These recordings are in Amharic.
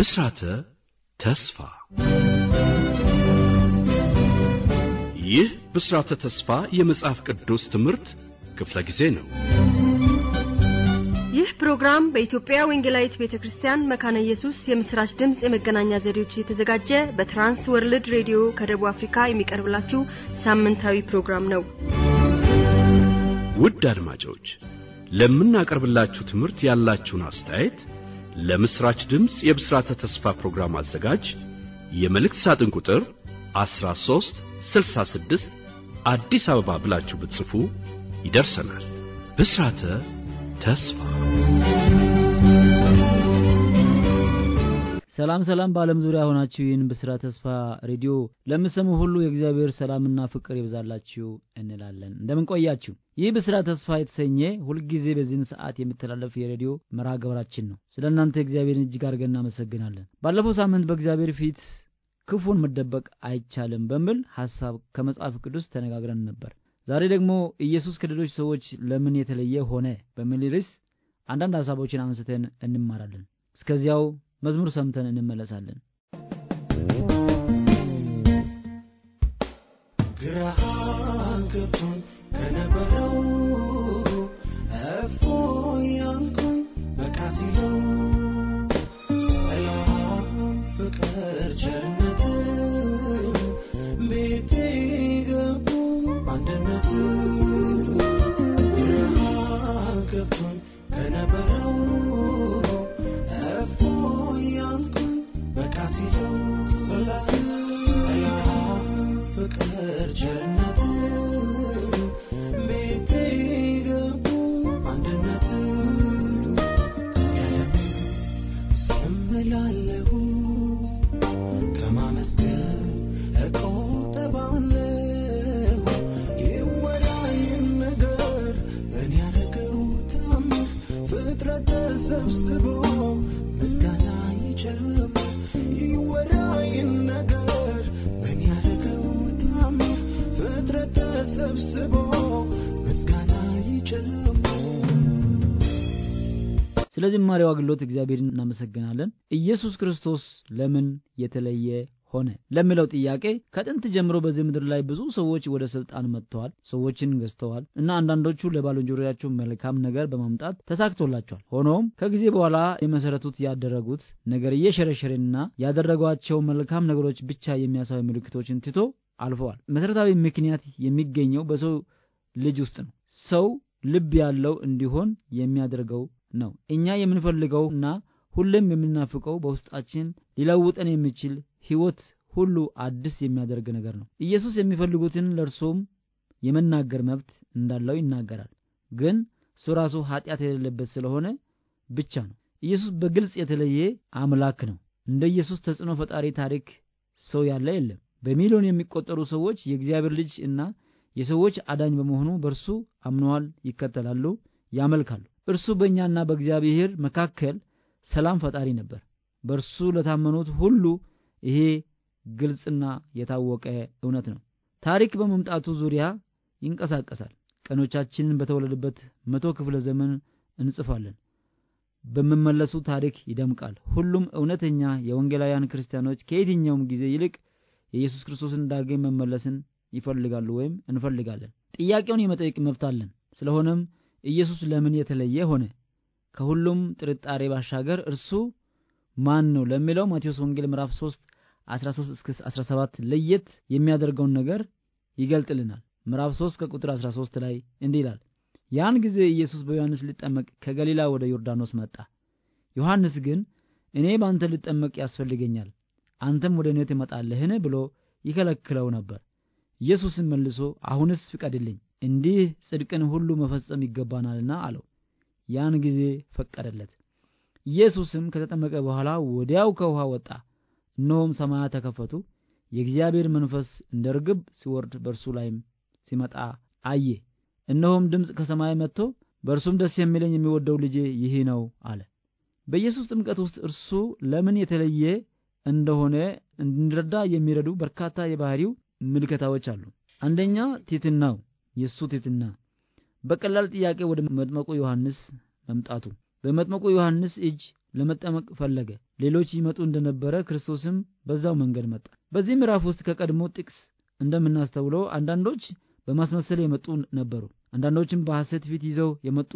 ብስራተ ተስፋ ይህ ብስራተ ተስፋ የመጽሐፍ ቅዱስ ትምህርት ክፍለ ጊዜ ነው። ይህ ፕሮግራም በኢትዮጵያ ወንጌላዊት ቤተ ክርስቲያን መካነ ኢየሱስ የምስራች ድምፅ የመገናኛ ዘዴዎች የተዘጋጀ በትራንስ ወርልድ ሬዲዮ ከደቡብ አፍሪካ የሚቀርብላችሁ ሳምንታዊ ፕሮግራም ነው። ውድ አድማጮች ለምናቀርብላችሁ ትምህርት ያላችሁን አስተያየት ለምስራች ድምፅ የብስራተ ተስፋ ፕሮግራም አዘጋጅ የመልእክት ሳጥን ቁጥር 13 66 አዲስ አበባ ብላችሁ ብትጽፉ ይደርሰናል። ብስራተ ተስፋ። ሰላም ሰላም! በዓለም ዙሪያ ሆናችሁ ይህን ብስራ ተስፋ ሬዲዮ ለምሰሙ ሁሉ የእግዚአብሔር ሰላምና ፍቅር ይብዛላችሁ እንላለን። እንደምን ቆያችሁ? ይህ ብስራት ተስፋ የተሰኘ ሁልጊዜ በዚህን ሰዓት የሚተላለፍ የሬዲዮ መርሃ ግብራችን ነው። ስለ እናንተ እግዚአብሔርን እጅግ አድርገን እናመሰግናለን። ባለፈው ሳምንት በእግዚአብሔር ፊት ክፉን መደበቅ አይቻልም በሚል ሐሳብ ከመጽሐፍ ቅዱስ ተነጋግረን ነበር። ዛሬ ደግሞ ኢየሱስ ከሌሎች ሰዎች ለምን የተለየ ሆነ በሚል ርዕስ አንዳንድ ሐሳቦችን አንስተን እንማራለን። እስከዚያው መዝሙር ሰምተን እንመለሳለን። ግራ ገብቶኝ ለዝማሬው አገልግሎት እግዚአብሔርን እናመሰግናለን። ኢየሱስ ክርስቶስ ለምን የተለየ ሆነ ለሚለው ጥያቄ ከጥንት ጀምሮ በዚህ ምድር ላይ ብዙ ሰዎች ወደ ስልጣን መጥተዋል፣ ሰዎችን ገዝተዋል እና አንዳንዶቹ ለባሎንጆሪያቸው መልካም ነገር በማምጣት ተሳክቶላቸዋል። ሆኖም ከጊዜ በኋላ የመሰረቱት ያደረጉት ነገር እየሸረሸረና ያደረጓቸው መልካም ነገሮች ብቻ የሚያሳዩ ምልክቶችን ትቶ አልፈዋል። መሰረታዊ ምክንያት የሚገኘው በሰው ልጅ ውስጥ ነው። ሰው ልብ ያለው እንዲሆን የሚያደርገው ነው። እኛ የምንፈልገውና ሁሌም የምናፍቀው በውስጣችን ሊለውጠን የሚችል ህይወት ሁሉ አዲስ የሚያደርግ ነገር ነው። ኢየሱስ የሚፈልጉትን ለእርሱም የመናገር መብት እንዳለው ይናገራል። ግን እሱ ራሱ ኃጢአት የሌለበት ስለሆነ ብቻ ነው። ኢየሱስ በግልጽ የተለየ አምላክ ነው። እንደ ኢየሱስ ተጽዕኖ ፈጣሪ ታሪክ ሰው ያለ የለም። በሚሊዮን የሚቆጠሩ ሰዎች የእግዚአብሔር ልጅ እና የሰዎች አዳኝ በመሆኑ በእርሱ አምነዋል፣ ይከተላሉ፣ ያመልካሉ። እርሱ በእኛና በእግዚአብሔር መካከል ሰላም ፈጣሪ ነበር። በእርሱ ለታመኑት ሁሉ ይሄ ግልጽና የታወቀ እውነት ነው። ታሪክ በመምጣቱ ዙሪያ ይንቀሳቀሳል። ቀኖቻችንን በተወለደበት መቶ ክፍለ ዘመን እንጽፋለን። በመመለሱ ታሪክ ይደምቃል። ሁሉም እውነተኛ የወንጌላውያን ክርስቲያኖች ከየትኛውም ጊዜ ይልቅ የኢየሱስ ክርስቶስን ዳግም መመለስን ይፈልጋሉ ወይም እንፈልጋለን። ጥያቄውን የመጠየቅ መብት አለን። ስለሆነም ኢየሱስ ለምን የተለየ ሆነ? ከሁሉም ጥርጣሬ ባሻገር እርሱ ማን ነው ለሚለው ማቴዎስ ወንጌል ምዕራፍ 3 13 እስከ 17 ለየት የሚያደርገውን ነገር ይገልጥልናል። ምዕራፍ 3 ከቁጥር 13 ላይ እንዲህ ይላል፣ ያን ጊዜ ኢየሱስ በዮሐንስ ሊጠመቅ ከገሊላ ወደ ዮርዳኖስ መጣ። ዮሐንስ ግን እኔ በአንተ ልጠመቅ ያስፈልገኛል፣ አንተም ወደ እኔ ትመጣለህን? ብሎ ይከለክለው ነበር። ኢየሱስም መልሶ አሁንስ ፍቀድልኝ እንዲህ ጽድቅን ሁሉ መፈጸም ይገባናልና አለው። ያን ጊዜ ፈቀደለት። ኢየሱስም ከተጠመቀ በኋላ ወዲያው ከውሃ ወጣ። እነሆም ሰማያት ተከፈቱ፣ የእግዚአብሔር መንፈስ እንደ ርግብ ሲወርድ በእርሱ ላይም ሲመጣ አየ። እነሆም ድምፅ ከሰማይ መጥቶ በእርሱም ደስ የሚለኝ የሚወደው ልጄ ይህ ነው አለ። በኢየሱስ ጥምቀት ውስጥ እርሱ ለምን የተለየ እንደሆነ እንድንረዳ የሚረዱ በርካታ የባህሪው ምልከታዎች አሉ። አንደኛ ቲትናው የእሱ ትትና በቀላል ጥያቄ ወደ መጥመቁ ዮሐንስ መምጣቱ። በመጥመቁ ዮሐንስ እጅ ለመጠመቅ ፈለገ። ሌሎች ይመጡ እንደነበረ ክርስቶስም በዛው መንገድ መጣ። በዚህ ምዕራፍ ውስጥ ከቀድሞ ጥቅስ እንደምናስተውለው አንዳንዶች በማስመሰል የመጡ ነበሩ፣ አንዳንዶችም በሐሰት ፊት ይዘው የመጡ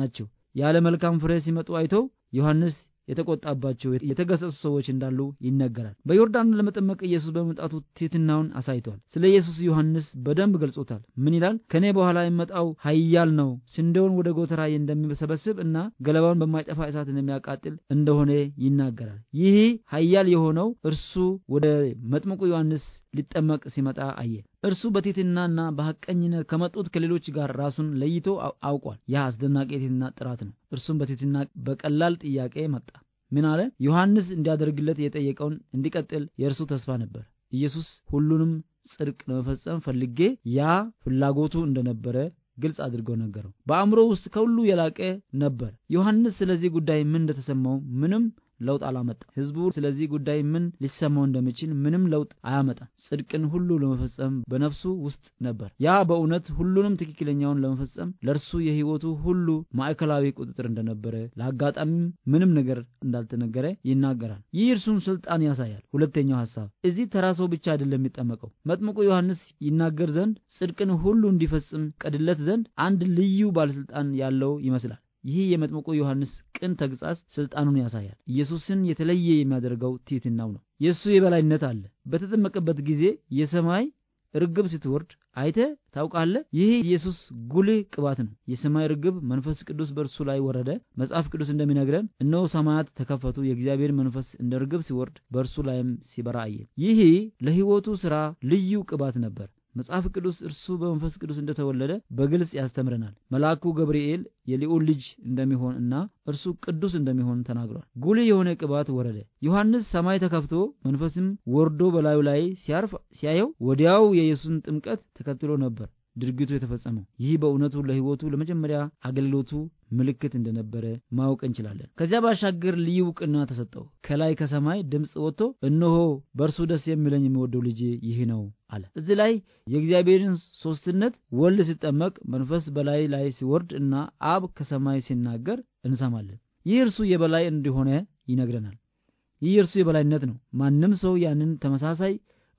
ናቸው። ያለ መልካም ፍሬ ሲመጡ አይተው ዮሐንስ የተቆጣባቸው የተገሰጹ ሰዎች እንዳሉ ይነገራል። በዮርዳን ለመጠመቅ ኢየሱስ በመምጣቱ ትሕትናውን አሳይቷል። ስለ ኢየሱስ ዮሐንስ በደንብ ገልጾታል። ምን ይላል? ከእኔ በኋላ የመጣው ኃያል ነው፣ ስንዴውን ወደ ጎተራ እንደሚሰበስብ እና ገለባውን በማይጠፋ እሳት እንደሚያቃጥል እንደሆነ ይናገራል። ይህ ኃያል የሆነው እርሱ ወደ መጥምቁ ዮሐንስ ሊጠመቅ ሲመጣ አየ። እርሱ በቴትናና በሐቀኝነት ከመጡት ከሌሎች ጋር ራሱን ለይቶ አውቋል። ያ አስደናቂ የትሕትና ጥራት ነው። እርሱም በቴትና በቀላል ጥያቄ መጣ። ምን አለ? ዮሐንስ እንዲያደርግለት የጠየቀውን እንዲቀጥል የእርሱ ተስፋ ነበር። ኢየሱስ ሁሉንም ጽድቅ ለመፈጸም ፈልጌ ያ ፍላጎቱ እንደነበረ ግልጽ አድርገው ነገረው። በአእምሮ ውስጥ ከሁሉ የላቀ ነበር። ዮሐንስ ስለዚህ ጉዳይ ምን እንደተሰማው ምንም ለውጥ አላመጣም። ህዝቡ ስለዚህ ጉዳይ ምን ሊሰማው እንደሚችል ምንም ለውጥ አያመጣም። ጽድቅን ሁሉ ለመፈጸም በነፍሱ ውስጥ ነበር። ያ በእውነት ሁሉንም ትክክለኛውን ለመፈጸም ለእርሱ የህይወቱ ሁሉ ማዕከላዊ ቁጥጥር እንደነበረ ለአጋጣሚም ምንም ነገር እንዳልተነገረ ይናገራል። ይህ እርሱን ስልጣን ያሳያል። ሁለተኛው ሀሳብ እዚህ ተራ ሰው ብቻ አይደለም የሚጠመቀው። መጥምቁ ዮሐንስ ይናገር ዘንድ ጽድቅን ሁሉ እንዲፈጽም ቀድለት ዘንድ አንድ ልዩ ባለስልጣን ያለው ይመስላል። ይህ የመጥምቁ ዮሐንስ ቅን ተግጻስ ስልጣኑን ያሳያል። ኢየሱስን የተለየ የሚያደርገው ትሕትናው ነው። የእሱ የበላይነት አለ። በተጠመቀበት ጊዜ የሰማይ ርግብ ስትወርድ አይተ ታውቃለ። ይህ ኢየሱስ ጉልህ ቅባት ነው። የሰማይ ርግብ መንፈስ ቅዱስ በእርሱ ላይ ወረደ። መጽሐፍ ቅዱስ እንደሚነግረን እነሆ ሰማያት ተከፈቱ፣ የእግዚአብሔር መንፈስ እንደ ርግብ ሲወርድ በእርሱ ላይም ሲበራ አየን። ይህ ለሕይወቱ ሥራ ልዩ ቅባት ነበር። መጽሐፍ ቅዱስ እርሱ በመንፈስ ቅዱስ እንደተወለደ በግልጽ ያስተምረናል። መልአኩ ገብርኤል የሊኦን ልጅ እንደሚሆን እና እርሱ ቅዱስ እንደሚሆን ተናግሯል። ጉልህ የሆነ ቅባት ወረደ። ዮሐንስ ሰማይ ተከፍቶ መንፈስም ወርዶ በላዩ ላይ ሲያርፍ ሲያየው ወዲያው የኢየሱስን ጥምቀት ተከትሎ ነበር። ድርጊቱ የተፈጸመው። ይህ በእውነቱ ለሕይወቱ ለመጀመሪያ አገልግሎቱ ምልክት እንደነበረ ማወቅ እንችላለን። ከዚያ ባሻገር ልዩ እውቅና ተሰጠው። ከላይ ከሰማይ ድምፅ ወጥቶ እነሆ በእርሱ ደስ የሚለኝ የሚወደው ልጅ ይህ ነው አለ። እዚህ ላይ የእግዚአብሔርን ሶስትነት ወልድ ሲጠመቅ፣ መንፈስ በላይ ላይ ሲወርድ እና አብ ከሰማይ ሲናገር እንሰማለን። ይህ እርሱ የበላይ እንደሆነ ይነግረናል። ይህ እርሱ የበላይነት ነው። ማንም ሰው ያንን ተመሳሳይ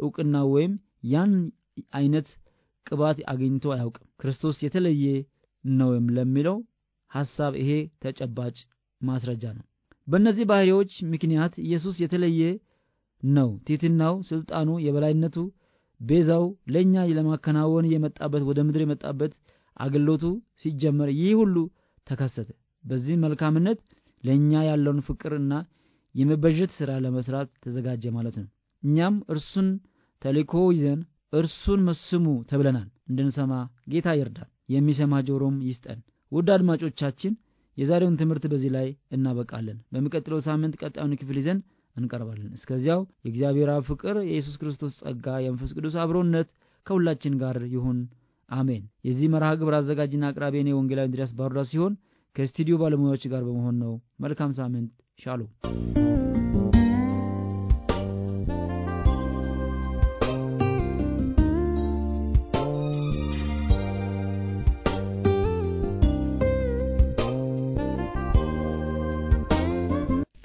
እውቅና ወይም ያን አይነት ቅባት አግኝቶ አያውቅም። ክርስቶስ የተለየ ነውም ለሚለው ሐሳብ ይሄ ተጨባጭ ማስረጃ ነው። በእነዚህ ባህሪዎች ምክንያት ኢየሱስ የተለየ ነው። ቲትናው፣ ስልጣኑ፣ የበላይነቱ፣ ቤዛው ለእኛ ለማከናወን የመጣበት ወደ ምድር የመጣበት አገልግሎቱ ሲጀመር ይህ ሁሉ ተከሰተ። በዚህ መልካምነት ለእኛ ያለውን ፍቅርና የመበጀት ሥራ ለመስራት ተዘጋጀ ማለት ነው። እኛም እርሱን ተልእኮ ይዘን እርሱን መስሙ ተብለናል። እንድንሰማ ጌታ ይርዳል፣ የሚሰማ ጆሮም ይስጠን። ውድ አድማጮቻችን የዛሬውን ትምህርት በዚህ ላይ እናበቃለን። በሚቀጥለው ሳምንት ቀጣዩን ክፍል ይዘን እንቀርባለን። እስከዚያው የእግዚአብሔር አብ ፍቅር፣ የኢየሱስ ክርስቶስ ጸጋ፣ የመንፈስ ቅዱስ አብሮነት ከሁላችን ጋር ይሁን። አሜን። የዚህ መርሃ ግብር አዘጋጅና አቅራቢ እኔ ወንጌላዊ እንድሪያስ ባሩዳ ሲሆን ከስቱዲዮ ባለሙያዎች ጋር በመሆን ነው። መልካም ሳምንት። ሻሎም